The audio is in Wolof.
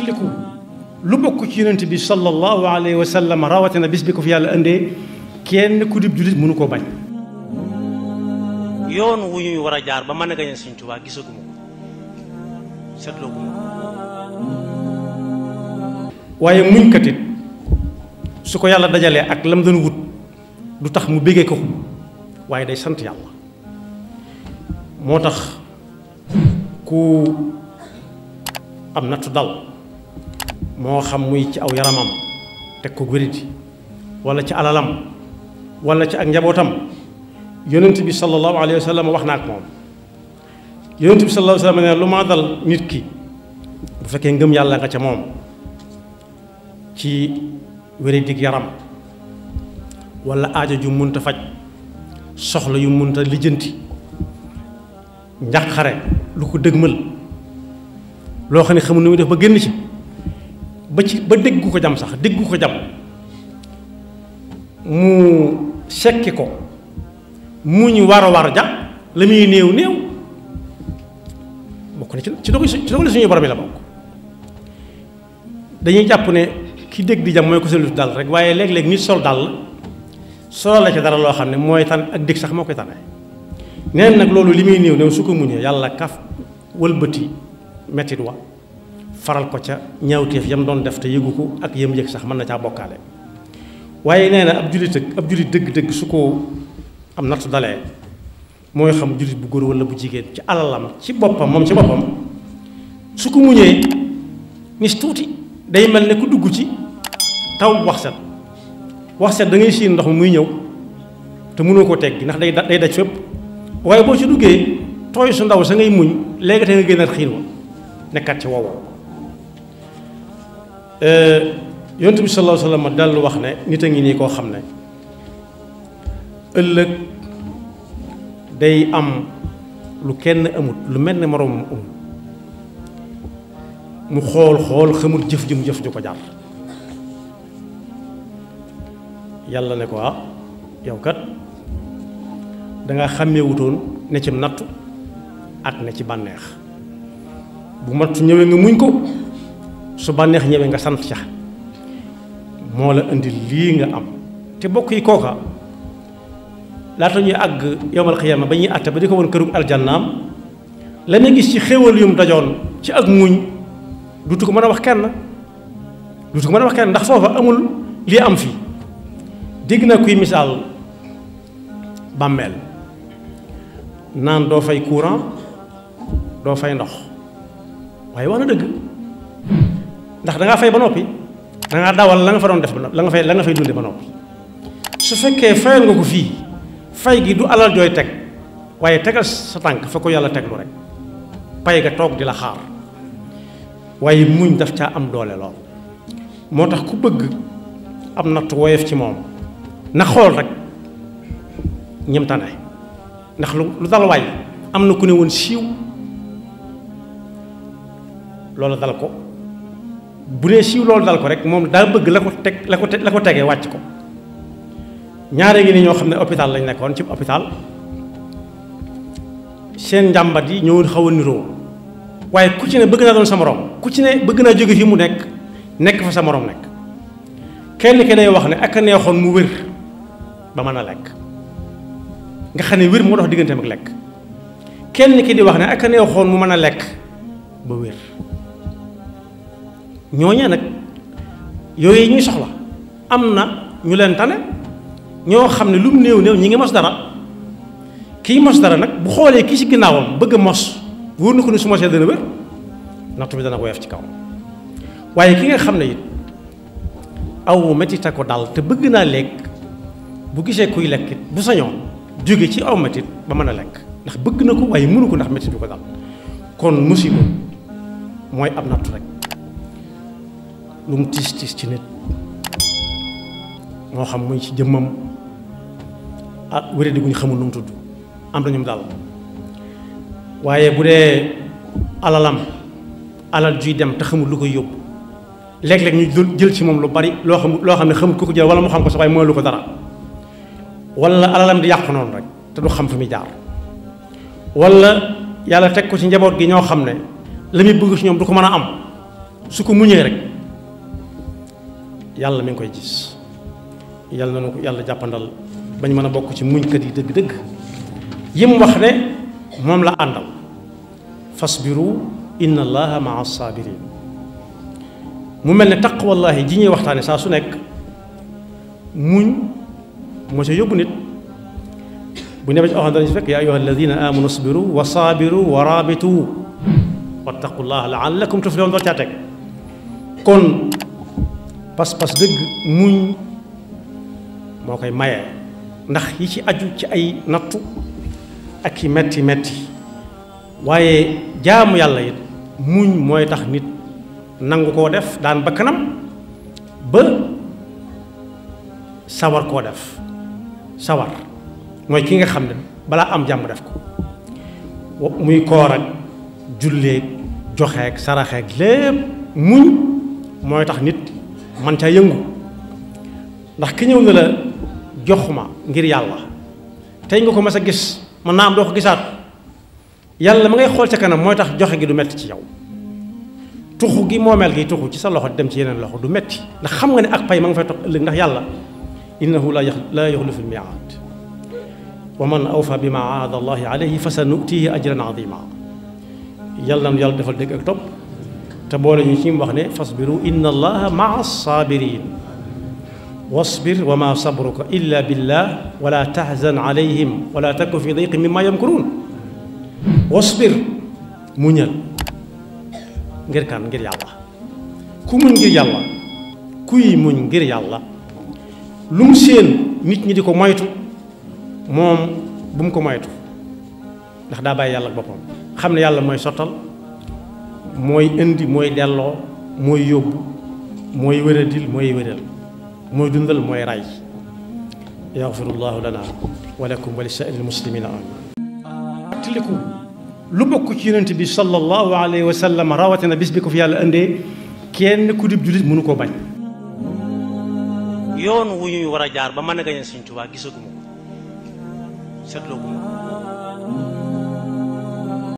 fàttaliku lu bokk ci yonent bi sallallahu alayhi wa sallam rawatina bis bi ko fi yàlla indee kenn ku dib jullit mënu koo bañ. yoon wu ñuy war a jaar ba mën a gañe Sëñ Tuubaa gisaguma ko seetlooguma ko. waaye muñ kat it su ko yàlla dajalee ak lam doon wut du tax mu bégee ko waaye day sant yàlla moo tax ku am nattu dal. mo xam muy ci aw yaramam tek ko guridi wala ci alalam wala ci ak njabotam yonent bi sallallahu alayhi wasallam waxna ak mom yonent bi sallallahu alayhi wasallam ne lu dal nit ki bu fekke ngeum yàlla nga ci mom ci wéradik yaram wala aaja ju munta faj soxla yu munta lijjanti njàqare lu ko deggmal lo xamni ne nu def ba génn ci ba ci ba déggu ko jam sax déggu ko jam mu sekki ko muñ war a war ja la muy néew néew bokk na ci ci dogal ci dogal suñuy borom yi la bokk dañuy jàpp ne ki dégg di jam mooy ko solu dal rek waaye léeg-léeg nit sol dal solo la ci dara loo xam ne mooy tan ak dégg sax moo koy tane nen nag loolu li muy néew néew su ko muñee yàlla kaf wëlbati mettit wa faral ko ca ñaawteef yam doon def te yëgu ko ak yam yëg sax mën na caa bokkaale waaye nee na ab julit ak ab julit dëgg-dëgg su am nattu dalee mooy xam julit bu góor wala bu jigéen ci alalam ci boppam moom ci boppam su ko muñee nis tuuti day mel ne ku dugg ci taw wax set wax set da ngay siin ndox muy ñëw te mënoo ko teggi ndax day day daj fépp waaye boo ci duggee tooy su ndaw sa ngay muñ léegi te nga xiin nekkat ci Eh, yonent bi sallallahu alayhi wa dal wax ne nit a ngi nii koo xam ne day am lu kenn amut lu mel ne um mu xool xool xamul jëf ju jif jëf ju ko jaar yalla ne ko ah yow kat danga xàmmeewutoon ne ci nattu ak ne ci bànneex bu mattu ñëwee nga muñ ko su bànneex ñëwee nga sant ca moo la indi lii nga am te bokk yi kooka laata ñuy àgg yowmal xiyaama ba ñuy àtte ba di ko woon këru aljanaam la gis ci xéewal yum dajoon ci ak muñ dutu ko mën a wax kenn dutu ko mën a wax kenn ndax foofa amul lii am fii dégg na kuy misaal bàmmeel naan doo fay courant doo fay ndox waaye wax na dëgg ndax da ngaa fay ba noppi da dawal la nga fa doon def ba noppi la nga fay la nga fay dunde ba noppi su fekkee fayal nga ko fii fay gi du alal jooy teg waaye tegal sa tànk fa ko yàlla teglu rek pay ga toog di la xaar waaye muñ daf caa am doole lool moo tax ku bëgg am natt woyof ci moom na xool rek ñem ndax lu lu dal waay am na ku ne woon siiw loolu dal ko bu dee siiw loolu dal ko rek moom daa bëgg la ko teg la ko te la ko tegee wàcc ko ñaare ngi ni ñoo xam ne hôpital lañ nekkoon ci hôpital seen njàmbat yi ñoo xaw a niroo waaye ku ci ne bëgg naa doon sa moroom ku ci ne bëgg naa jóge fi mu nekk nekk fa sa moroom nekk kenn ki day wax ne ak a mu wér ba mën a lekk nga xam ne wér moo dox digganteem ak lekk kenn ki di wax ne ak a neexoon mu mën a lekk ba wér ñooñee nag yi ñuy soxla am na ñu leen tane ñoo xam ne lu mu néew néew ñi ngi mos dara kii mos dara nag bu xoolee kii ci ginnaawam bëgg a mos wóor na ko ne su mosee dana wér naxtu bi dana woyof ci kaw waaye ki nga xam ne it aw metita ko daal te bëgg naa lekk bu gisee kuy lekk it bu sañoon jóge ci aw metit ba mën a lekk ndax bëgg na ko waaye mënu ko ndax metit bi ko daal kon musiba mooy ab nattu rek lu mu tiis tiis ci nit moo xam muy ci jëmmam ak ah, wéré di guñ xamul nu mu tudd am na ñoom daal waaye bu dee alalam alal juy dem te xamul lu koy yóbbu léeg-léeg ñu jël ci moom lu bari loo xam loo xam ne xamul ku ko jël wala mu xam ko sax waaye ko dara wala alalam di yàqu noonu rek te du xam fi muy yàlla teg ko ci njaboot gi ñoo xam ne la muy bëgg ci ñoom du ko mën a am su ko muñee rek. yàlla mi ngi koy gis yàlla nañu ko yàlla jàppandal bañ mëna bok ci muñ muñkat yi deug deug yim wax ne mom la àndal fasbiru inna allaha maa sabirin mu melni taqwa allah ji ñi waxtane sa su nek muñ mo ci yobu nit bu nebee ci waxoon dañu fek ya ayuha alladhina amanu sbiru wa sabiru wa rabitu wattaqullaha laallakum tuflihun doon caa teg kon pas-pas deg muñ moo koy maye ndax yi ci aju ci ay nattu ak yi metti metti waaye jaamu yàlla it muñ mooy tax nit nangu koo def daan bakkanam ba sawar koo def sawar mooy ki nga xam bala am jam def ko muy koor ak julleeg joxeeg saraxeeg lépp muñ mooy tax nit man ca yëngu ndax ki ñëw na la jox ma ngir yàlla tey nga ko mas a gis man naa am doo ko gisaat yàlla ma ngay xool ca kanam mooy tax joxe gi du metti ci yow tuxu gi moomeel gi tuxu ci sa loxo dem ci yeneen loxo du metti ndax xam nga ne ak pay ma nga fay toog ëllëg ndax yàlla innahu la laa yaxlifu lmiaad wa man awfa bima ma aada allahi alayhi fa sa nutihi ajran azima yàlla na yàlla defal dégg ak topp تبولي يشيم وخني فاصبروا إن الله مع الصابرين واصبر وما صبرك إلا بالله ولا تحزن عليهم ولا تك في ضيق مما يمكرون واصبر مونيال غير كان غير يالا كومن غير يالا كوي مون غير يالا لوم سين نيت ني ديكو مايتو موم بوم كو مايتو دا باي يالا بوبام خامني يالا موي سوتال mooy indi mooy delloo mooy yóbbu mooy wéradil mooy wéral mooy dundal mooy ray yaxfirullahu lana wa lakum wa li saa'iril muslimina amin tiliku lu bokk ci yonent bi sallallahu alayhi wa sallam rawatina bis bi ko fi yàlla indee kenn ku dib julit mënu koo bañ yoon wu ñuy war jaar ba mën gañe Sëñ Tuubaa gisaguma ko ko